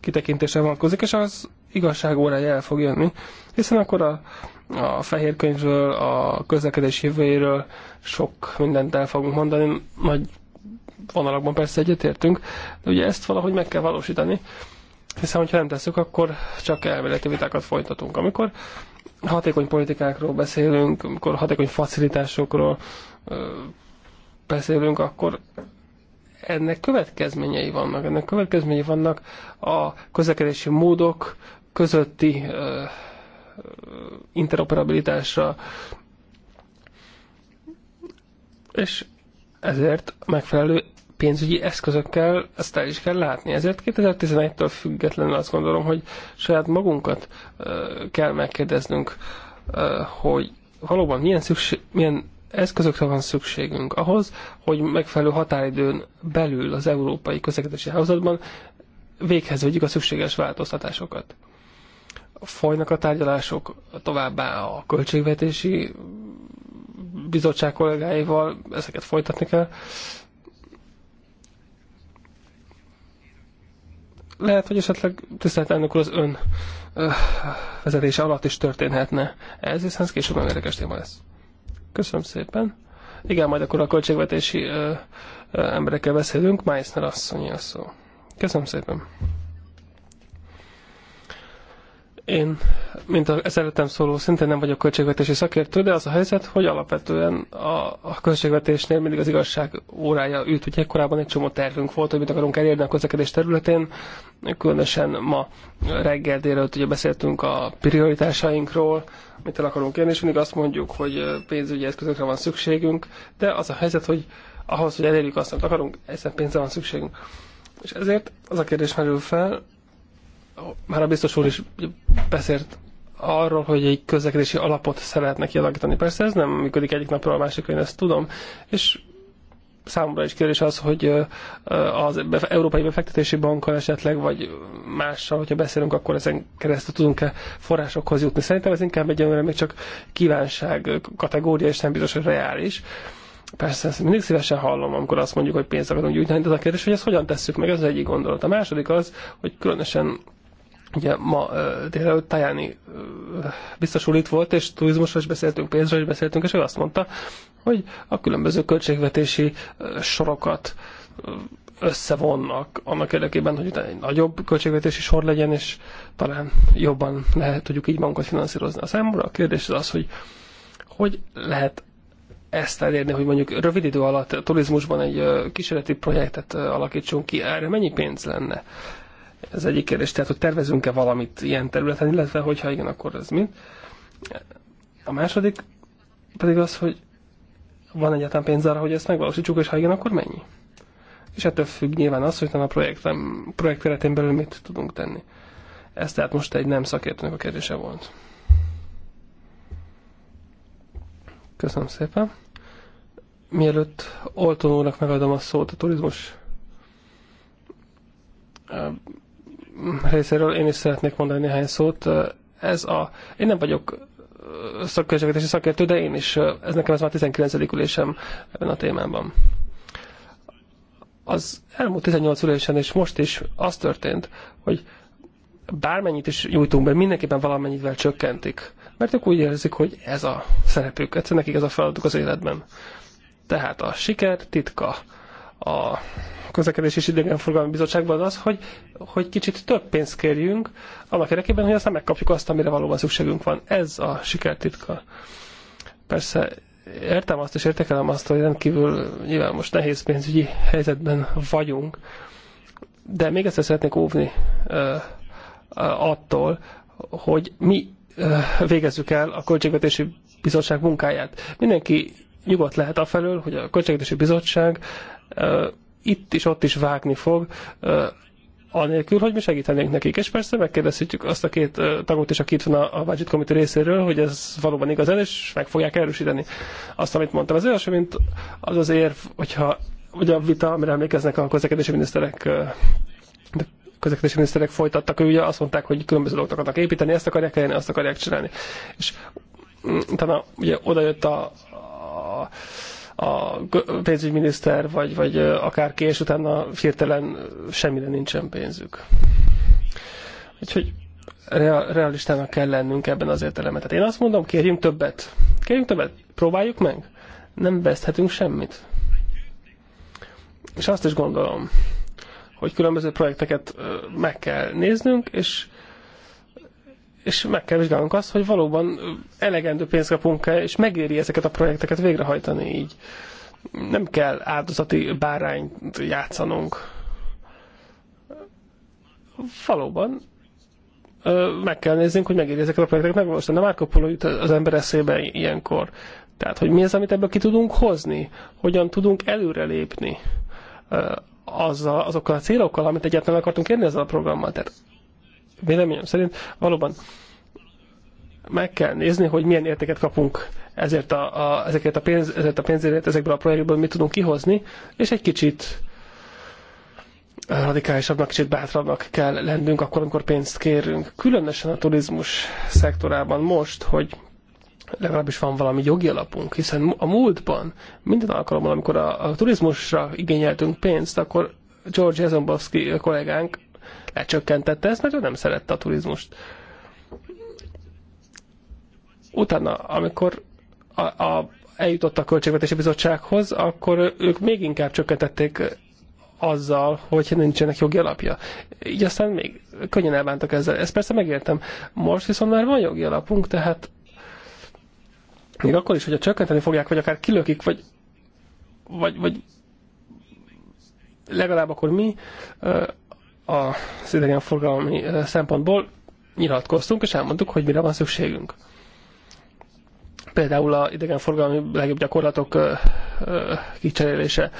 kitekintése vonatkozik, és az igazság órája el fog jönni, hiszen akkor a, a fehér könyvről, a közlekedés jövőjéről sok mindent el fogunk mondani, nagy vonalakban persze egyetértünk, de ugye ezt valahogy meg kell valósítani, hiszen hogyha nem tesszük, akkor csak elméleti vitákat folytatunk. Amikor hatékony politikákról beszélünk, amikor hatékony facilitásokról beszélünk, akkor ennek következményei vannak. Ennek következményei vannak a közlekedési módok közötti interoperabilitásra, és ezért megfelelő pénzügyi eszközökkel ezt el is kell látni. Ezért 2011-től függetlenül azt gondolom, hogy saját magunkat kell megkérdeznünk, hogy valóban milyen, szükség, milyen eszközökre van szükségünk ahhoz, hogy megfelelő határidőn belül az európai közlekedési hálózatban véghez vegyük a szükséges változtatásokat folynak a tárgyalások, továbbá a költségvetési bizottság kollégáival, ezeket folytatni kell. Lehet, hogy esetleg tisztelt elnök úr az ön vezetése alatt is történhetne ez, hiszen ez később nagyon érdekes téma lesz. Köszönöm szépen. Igen, majd akkor a költségvetési ö, ö, emberekkel beszélünk. Meissner asszonyi a szó. Köszönöm szépen. Én, mint a szeretem szóló, szintén nem vagyok költségvetési szakértő, de az a helyzet, hogy alapvetően a, a költségvetésnél mindig az igazság órája ült. hogy korábban egy csomó tervünk volt, hogy mit akarunk elérni a közlekedés területén. Különösen ma reggel délelőtt ugye beszéltünk a prioritásainkról, mit el akarunk érni, és mindig azt mondjuk, hogy pénzügyi eszközökre van szükségünk, de az a helyzet, hogy ahhoz, hogy elérjük azt, amit akarunk, egyszerűen pénzre van szükségünk. És ezért az a kérdés merül fel, már a biztos úr is beszélt arról, hogy egy közlekedési alapot szeretne kialakítani. Persze ez nem működik egyik napról a másikra, én ezt tudom. És számomra is kérdés az, hogy az Európai Befektetési Bankon esetleg, vagy mással, hogyha beszélünk, akkor ezen keresztül tudunk-e forrásokhoz jutni. Szerintem ez inkább egy olyan, még csak kívánság kategória, és nem biztos, hogy reális. Persze, ezt mindig szívesen hallom, amikor azt mondjuk, hogy pénzt akarunk gyűjteni, de az a kérdés, hogy ezt hogyan tesszük meg, ez az egyik gondolat. A második az, hogy különösen Ugye ma délelőtt Tajáni biztos úr itt volt, és turizmusról is beszéltünk, pénzről is beszéltünk, és ő azt mondta, hogy a különböző költségvetési sorokat összevonnak annak érdekében, hogy egy nagyobb költségvetési sor legyen, és talán jobban lehet tudjuk így magunkat finanszírozni. A számomra a kérdés az, az hogy hogy lehet ezt elérni, hogy mondjuk rövid idő alatt turizmusban egy kísérleti projektet alakítsunk ki, erre mennyi pénz lenne? Ez egyik kérdés, tehát hogy tervezünk-e valamit ilyen területen, illetve hogyha igen, akkor ez mind. A második pedig az, hogy van egyáltalán pénz arra, hogy ezt megvalósítsuk, és ha igen, akkor mennyi? És ettől függ nyilván az, hogy a projekt, projekt keretén belül mit tudunk tenni. Ez tehát most egy nem szakértőnek a kérdése volt. Köszönöm szépen. Mielőtt Olton úrnak megadom a szót a turizmus részéről én is szeretnék mondani néhány szót. Ez a, én nem vagyok szakközsövetési szakértő, de én is, ez nekem ez már 19. ülésem ebben a témában. Az elmúlt 18 ülésen és most is az történt, hogy bármennyit is nyújtunk be, mindenképpen valamennyivel csökkentik. Mert ők úgy érzik, hogy ez a szerepük, egyszerűen nekik ez a feladatuk az életben. Tehát a siker titka a közlekedés és idegenforgalmi bizottságban az az, hogy, hogy kicsit több pénzt kérjünk, annak érdekében, hogy aztán megkapjuk azt, amire valóban szükségünk van. Ez a sikertitka. Persze értem azt és értekelem azt, hogy rendkívül nyilván most nehéz pénzügyi helyzetben vagyunk, de még egyszer szeretnék óvni ö, ö, attól, hogy mi ö, végezzük el a Költségvetési Bizottság munkáját. Mindenki nyugodt lehet afelől, hogy a Költségvetési Bizottság itt is, ott is vágni fog, anélkül, hogy mi segítenénk nekik. És persze megkérdezhetjük azt a két tagot is, aki itt van a, budget committee részéről, hogy ez valóban igaz el, és meg fogják erősíteni azt, amit mondtam. Az első, mint az az érv, hogyha ugye a vita, amire emlékeznek a közlekedési miniszterek közlekedési miniszterek folytattak, ő ugye azt mondták, hogy különböző dolgokat akarnak építeni, ezt akarják elérni, azt akarják csinálni. És mm, utána ugye oda jött a, a a pénzügyminiszter, vagy, vagy akárki, és utána hirtelen semmire nincsen pénzük. Úgyhogy realistának kell lennünk ebben az értelemben. Tehát én azt mondom, kérjünk többet. Kérjünk többet, próbáljuk meg. Nem veszthetünk semmit. És azt is gondolom, hogy különböző projekteket meg kell néznünk, és és meg kell vizsgálnunk azt, hogy valóban elegendő pénzt kapunk-e, és megéri ezeket a projekteket végrehajtani így. Nem kell áldozati bárányt játszanunk. Valóban meg kell néznünk, hogy megéri ezeket a projekteket megvalósítani. A Marco Polo jut az ember eszébe ilyenkor. Tehát, hogy mi az, amit ebből ki tudunk hozni, hogyan tudunk előrelépni azzal, azokkal a célokkal, amit egyáltalán akartunk érni ezzel a programmal. Tehát véleményem szerint valóban meg kell nézni, hogy milyen értéket kapunk ezért a, a, ezeket a pénz, ezért a pénzért, ezekből a projektből mit tudunk kihozni, és egy kicsit radikálisabbnak, kicsit bátrabbnak kell lennünk akkor, amikor pénzt kérünk. Különösen a turizmus szektorában most, hogy legalábbis van valami jogi alapunk, hiszen a múltban minden alkalommal, amikor a, a turizmusra igényeltünk pénzt, akkor George Jasenbowski kollégánk lecsökkentette ezt, mert ő nem szerette a turizmust. Utána, amikor a, a, eljutott a Költségvetési Bizottsághoz, akkor ők még inkább csökkentették azzal, hogy nincsenek jogi alapja. Így aztán még könnyen elbántak ezzel. Ezt persze megértem. Most viszont már van jogi alapunk, tehát még akkor is, hogyha csökkenteni fogják, vagy akár kilökik, vagy, vagy, vagy legalább akkor mi az idegenforgalmi szempontból nyilatkoztunk, és elmondtuk, hogy mire van szükségünk. Például a idegenforgalmi legjobb gyakorlatok kicserélése.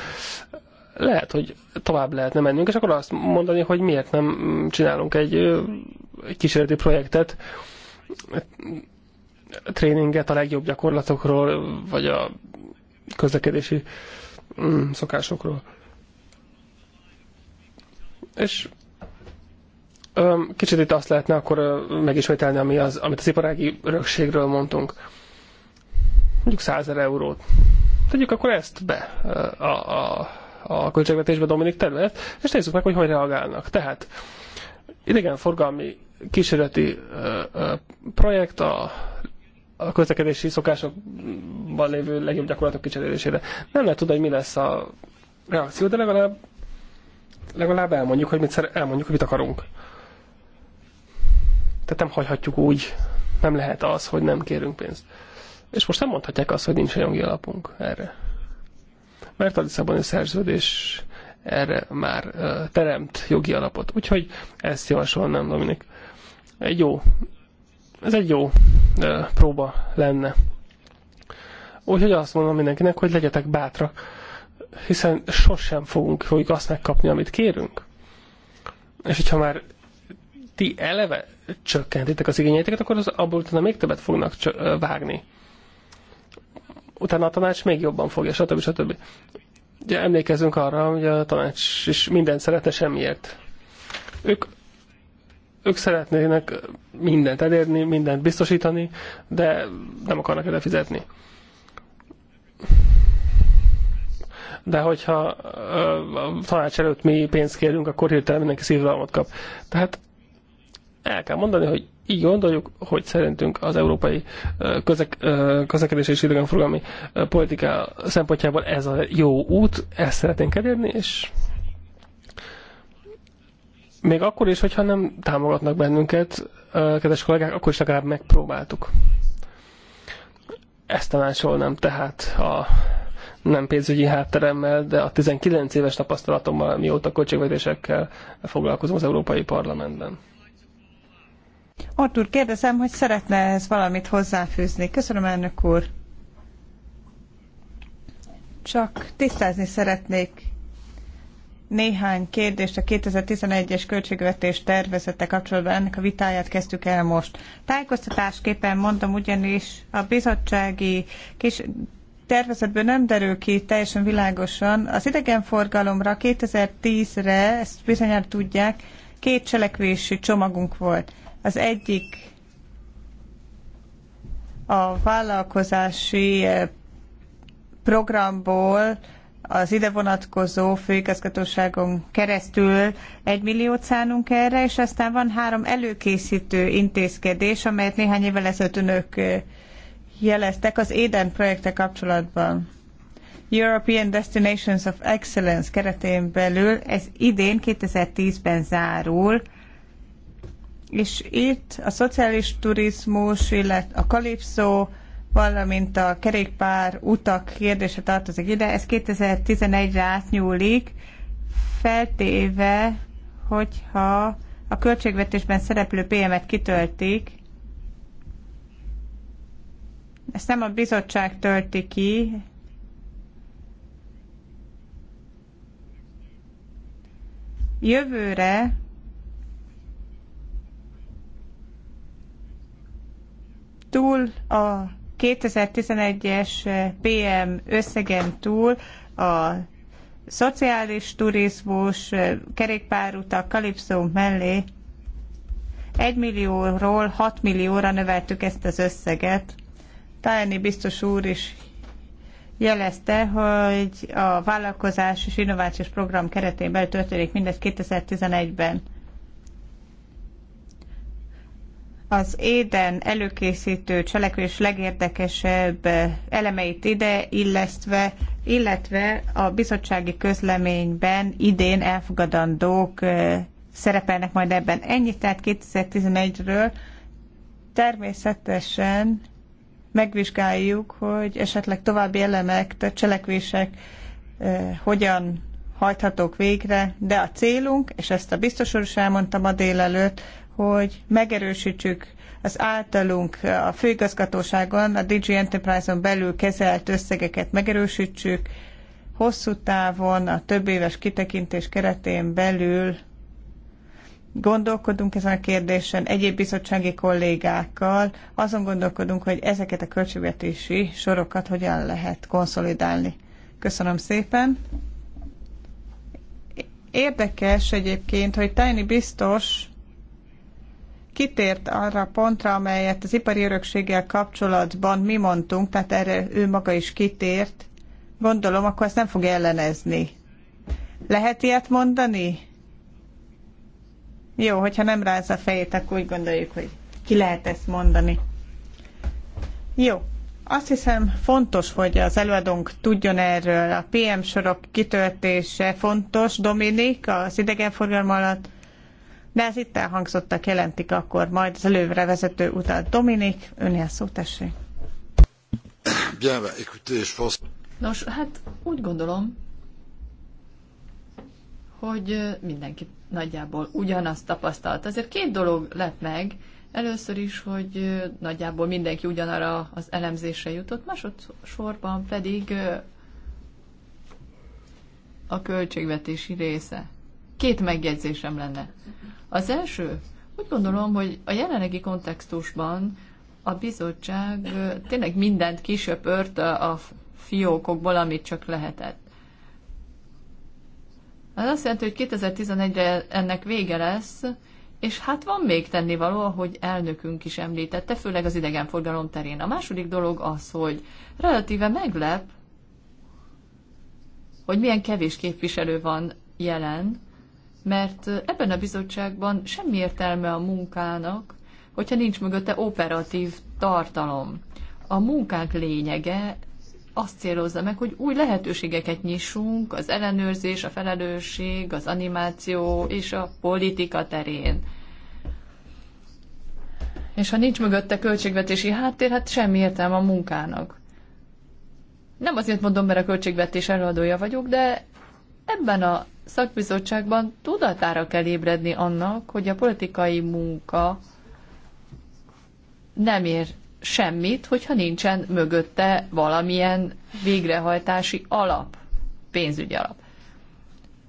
Lehet, hogy tovább lehetne mennünk, és akkor azt mondani, hogy miért nem csinálunk egy, egy kísérleti projektet, tréninget a legjobb gyakorlatokról, vagy a közlekedési mm, szokásokról. És kicsit itt azt lehetne akkor megismételni, ami az, amit az iparági örökségről mondtunk. Mondjuk 100 eurót. Tegyük akkor ezt be a, a, a költségvetésbe Dominik terület, és nézzük meg, hogy hogy reagálnak. Tehát idegenforgalmi kísérleti ö, ö, projekt a, a közlekedési szokásokban lévő legjobb gyakorlatok kicserélésére. Nem lehet tudni, hogy mi lesz a reakció, de legalább legalább elmondjuk, hogy mit, elmondjuk, hogy mit akarunk. Tehát nem hagyhatjuk úgy, nem lehet az, hogy nem kérünk pénzt. És most nem mondhatják azt, hogy nincs jogi alapunk erre. Mert a Lisszaboni szerződés erre már uh, teremt jogi alapot. Úgyhogy ezt javasolnám, Dominik. Egy jó, ez egy jó uh, próba lenne. Úgyhogy azt mondom mindenkinek, hogy legyetek bátrak, hiszen sosem fogunk hogy azt megkapni, amit kérünk. És hogyha már ti eleve csökkentitek az igényeiteket, akkor az abból utána még többet fognak vágni. Utána a tanács még jobban fogja, stb. stb. Ugye emlékezzünk arra, hogy a tanács is mindent szeretne semmiért. Ők, ők szeretnének mindent elérni, mindent biztosítani, de nem akarnak erre fizetni de hogyha a tanács előtt mi pénzt kérünk, akkor hirtelen mindenki szívdalmat kap. Tehát el kell mondani, hogy így gondoljuk, hogy szerintünk az európai közek, közlekedés és idegenforgalmi politika szempontjából ez a jó út, ezt szeretnénk elérni, és még akkor is, hogyha nem támogatnak bennünket, kedves kollégák, akkor is legalább megpróbáltuk. Ezt tanácsolnám tehát a nem pénzügyi hátteremmel, de a 19 éves tapasztalatommal, mióta költségvetésekkel foglalkozom az Európai Parlamentben. Artur, kérdezem, hogy szeretne ez valamit hozzáfűzni. Köszönöm, elnök úr. Csak tisztázni szeretnék néhány kérdést a 2011-es költségvetés tervezete kapcsolatban. Ennek a vitáját kezdtük el most. Tájékoztatásképpen mondom ugyanis a bizottsági kis tervezetből nem derül ki teljesen világosan. Az idegenforgalomra 2010-re, ezt bizonyára tudják, két cselekvési csomagunk volt. Az egyik a vállalkozási eh, programból az ide vonatkozó főigazgatóságon keresztül egy milliót szánunk erre, és aztán van három előkészítő intézkedés, amelyet néhány évvel ezelőtt önök eh, jeleztek az Éden projekte kapcsolatban. European Destinations of Excellence keretén belül ez idén 2010-ben zárul, és itt a szociális turizmus, illetve a kalipszó, valamint a kerékpár utak kérdése tartozik ide, ez 2011-re átnyúlik, feltéve, hogyha a költségvetésben szereplő PM-et kitöltik, ezt nem a bizottság tölti ki, jövőre túl a 2011-es PM összegen túl a szociális turizmus kerékpárutak kalipszó mellé 1 millióról 6 millióra növeltük ezt az összeget. Tajani biztos úr is jelezte, hogy a vállalkozás és innovációs program keretén belül történik mindez 2011-ben. Az éden előkészítő cselekvés legérdekesebb elemeit ide illesztve, illetve a bizottsági közleményben idén elfogadandók szerepelnek majd ebben. Ennyit tehát 2011-ről természetesen megvizsgáljuk, hogy esetleg további elemek, tehát cselekvések eh, hogyan hajthatók végre, de a célunk, és ezt a biztos úr is elmondta ma délelőtt, hogy megerősítsük az általunk eh, a főigazgatóságon, a DG Enterprise-on belül kezelt összegeket megerősítsük, hosszú távon a több éves kitekintés keretén belül gondolkodunk ezen a kérdésen, egyéb bizottsági kollégákkal, azon gondolkodunk, hogy ezeket a költségvetési sorokat hogyan lehet konszolidálni. Köszönöm szépen! Érdekes egyébként, hogy Tajni biztos kitért arra a pontra, amelyet az ipari örökséggel kapcsolatban mi mondtunk, tehát erre ő maga is kitért, gondolom, akkor ezt nem fog ellenezni. Lehet ilyet mondani? Jó, hogyha nem ráz a fejét, akkor úgy gondoljuk, hogy ki lehet ezt mondani. Jó, azt hiszem fontos, hogy az előadónk tudjon erről. A PM sorok kitöltése fontos, Dominik, az idegenforgalom alatt, de ez itt elhangzottak jelentik akkor majd az előre vezető utat. Dominik, önnél szó, tessék. Nos, hát úgy gondolom, hogy mindenki nagyjából ugyanazt tapasztalt. Azért két dolog lett meg. Először is, hogy nagyjából mindenki ugyanarra az elemzésre jutott, másodszorban pedig a költségvetési része. Két megjegyzésem lenne. Az első, úgy gondolom, hogy a jelenlegi kontextusban a bizottság tényleg mindent kisöpört a fiókokból, amit csak lehetett. Ez azt jelenti, hogy 2011-re ennek vége lesz, és hát van még tennivaló, ahogy elnökünk is említette, főleg az idegenforgalom terén. A második dolog az, hogy relatíve meglep, hogy milyen kevés képviselő van jelen, mert ebben a bizottságban semmi értelme a munkának, hogyha nincs mögötte operatív tartalom. A munkák lényege azt célozza meg, hogy új lehetőségeket nyissunk az ellenőrzés, a felelősség, az animáció és a politika terén. És ha nincs mögötte költségvetési háttér, hát semmi értelme a munkának. Nem azért mondom, mert a költségvetés előadója vagyok, de ebben a szakbizottságban tudatára kell ébredni annak, hogy a politikai munka nem ér semmit, hogyha nincsen mögötte valamilyen végrehajtási alap, pénzügyi alap.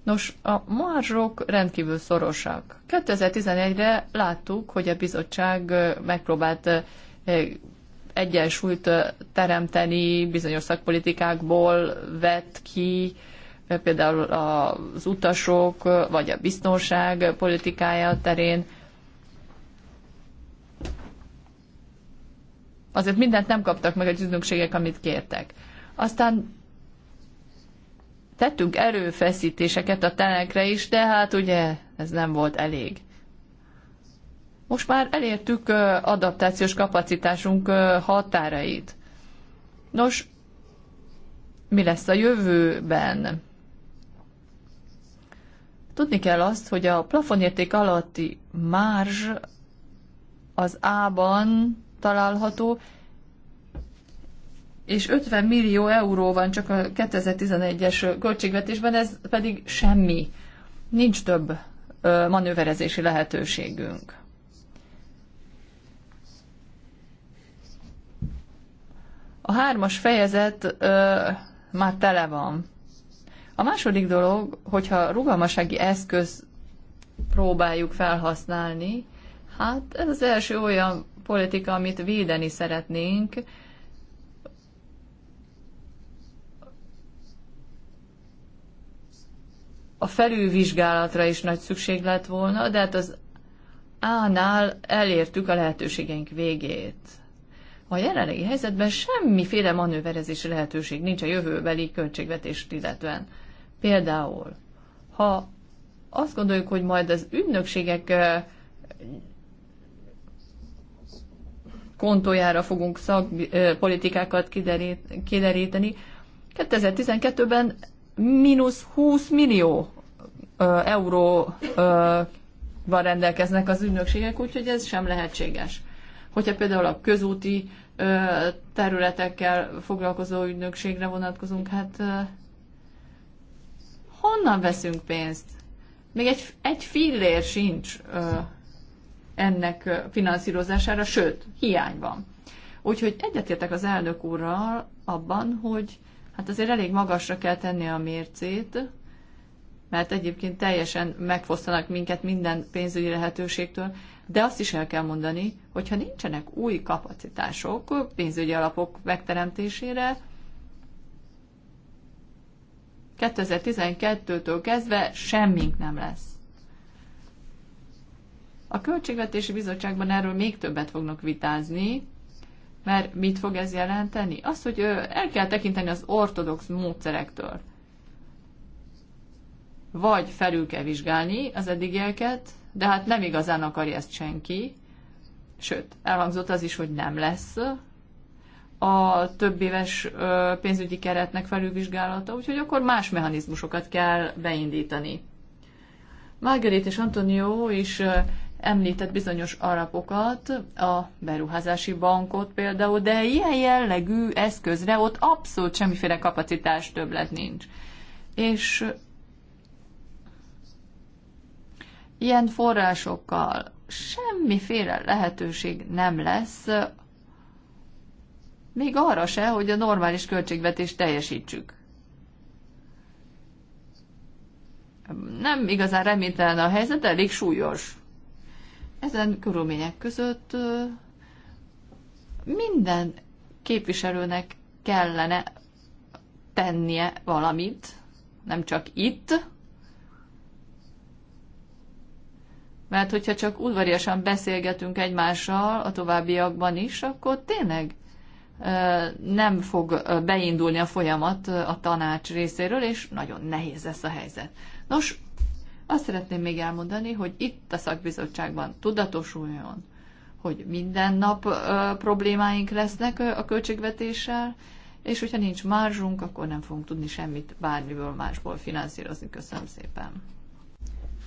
Nos, a marzsok rendkívül szorosak. 2011-re láttuk, hogy a bizottság megpróbált egyensúlyt teremteni, bizonyos szakpolitikákból vett ki, például az utasok vagy a biztonság politikája terén. Azért mindent nem kaptak meg az ügynökségek, amit kértek. Aztán tettünk erőfeszítéseket a telekre is, de hát ugye ez nem volt elég. Most már elértük adaptációs kapacitásunk határait. Nos, mi lesz a jövőben? Tudni kell azt, hogy a plafonérték alatti márzs az A-ban található, és 50 millió euró van csak a 2011-es költségvetésben, ez pedig semmi. Nincs több manőverezési lehetőségünk. A hármas fejezet ö, már tele van. A második dolog, hogyha rugalmasági eszköz próbáljuk felhasználni, hát ez az első olyan politika, amit védeni szeretnénk, a felülvizsgálatra is nagy szükség lett volna, de hát az A-nál elértük a lehetőségeink végét. A jelenlegi helyzetben semmiféle manőverezési lehetőség nincs a jövőbeli költségvetést illetően. Például, ha azt gondoljuk, hogy majd az ügynökségek kontójára fogunk szakpolitikákat kideríteni. 2012-ben mínusz 20 millió euróval rendelkeznek az ügynökségek, úgyhogy ez sem lehetséges. Hogyha például a közúti területekkel foglalkozó ügynökségre vonatkozunk, hát honnan veszünk pénzt? Még egy, egy fillér sincs ennek finanszírozására, sőt, hiány van. Úgyhogy egyetértek az elnök úrral abban, hogy hát azért elég magasra kell tenni a mércét, mert egyébként teljesen megfosztanak minket minden pénzügyi lehetőségtől, de azt is el kell mondani, hogy ha nincsenek új kapacitások pénzügyi alapok megteremtésére, 2012-től kezdve semmink nem lesz. A Költségvetési Bizottságban erről még többet fognak vitázni, mert mit fog ez jelenteni? Azt, hogy el kell tekinteni az ortodox módszerektől. Vagy felül kell vizsgálni az eddigieket, de hát nem igazán akarja ezt senki. Sőt, elhangzott az is, hogy nem lesz a több éves pénzügyi keretnek felülvizsgálata, úgyhogy akkor más mechanizmusokat kell beindítani. Margaret és Antonio is említett bizonyos alapokat, a beruházási bankot például, de ilyen jellegű eszközre ott abszolút semmiféle kapacitás többlet nincs. És ilyen forrásokkal semmiféle lehetőség nem lesz, még arra se, hogy a normális költségvetést teljesítsük. Nem igazán reménytelen a helyzet, elég súlyos ezen körülmények között minden képviselőnek kellene tennie valamit, nem csak itt, mert hogyha csak udvariasan beszélgetünk egymással a továbbiakban is, akkor tényleg nem fog beindulni a folyamat a tanács részéről, és nagyon nehéz lesz a helyzet. Nos, azt szeretném még elmondani, hogy itt a szakbizottságban tudatosuljon, hogy minden nap ö, problémáink lesznek ö, a költségvetéssel, és hogyha nincs márzsunk, akkor nem fogunk tudni semmit bármiből másból finanszírozni. Köszönöm szépen.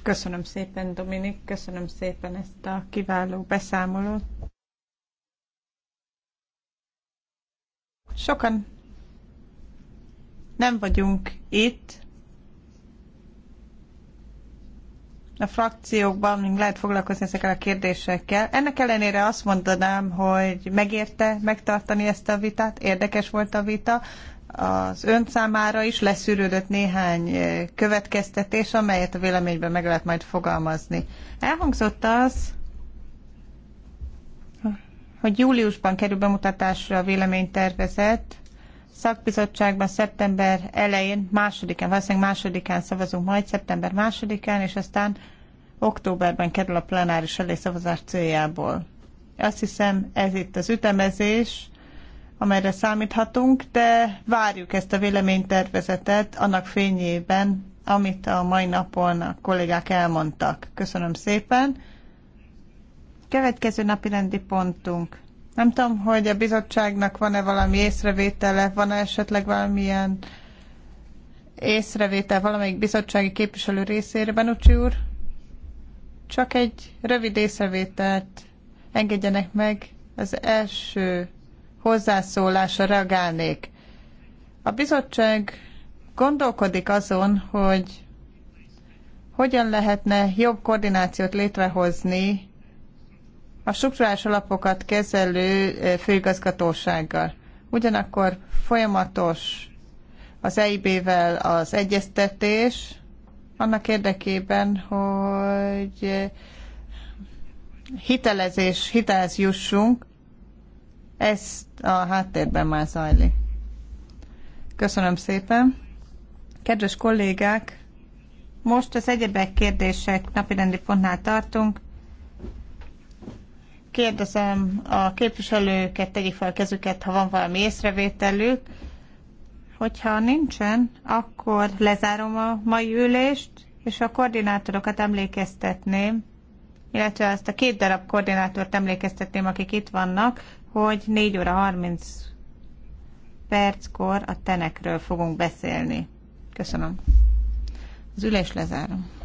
Köszönöm szépen, Dominik, köszönöm szépen ezt a kiváló beszámolót. Sokan nem vagyunk itt, a frakciókban még lehet foglalkozni ezekkel a kérdésekkel. Ennek ellenére azt mondanám, hogy megérte megtartani ezt a vitát, érdekes volt a vita, az ön számára is leszűrődött néhány eh, következtetés, amelyet a véleményben meg lehet majd fogalmazni. Elhangzott az, hogy júliusban kerül bemutatásra a véleménytervezet, szakbizottságba szeptember elején, másodikán, valószínűleg másodikán szavazunk majd, szeptember másodikán, és aztán októberben kerül a plenáris elé szavazás céljából. Azt hiszem, ez itt az ütemezés, amelyre számíthatunk, de várjuk ezt a véleménytervezetet annak fényében, amit a mai napon a kollégák elmondtak. Köszönöm szépen. Következő napi rendi pontunk nem tudom, hogy a bizottságnak van-e valami észrevétele, van-e esetleg valamilyen észrevétel valamelyik bizottsági képviselő részére, Benucsi úr? Csak egy rövid észrevételt engedjenek meg, az első hozzászólásra reagálnék. A bizottság gondolkodik azon, hogy hogyan lehetne jobb koordinációt létrehozni a struktúrás alapokat kezelő eh, főigazgatósággal. Ugyanakkor folyamatos az EIB-vel az egyeztetés, annak érdekében, hogy eh, hitelezés, hitelhez jussunk, ez a háttérben már zajlik. Köszönöm szépen. Kedves kollégák, most az egyebek kérdések napirendi pontnál tartunk. Kérdezem a képviselőket, tegyék fel a kezüket, ha van valami észrevételük. Hogyha nincsen, akkor lezárom a mai ülést, és a koordinátorokat emlékeztetném, illetve azt a két darab koordinátort emlékeztetném, akik itt vannak, hogy 4 óra 30 perckor a tenekről fogunk beszélni. Köszönöm. Az ülés lezárom.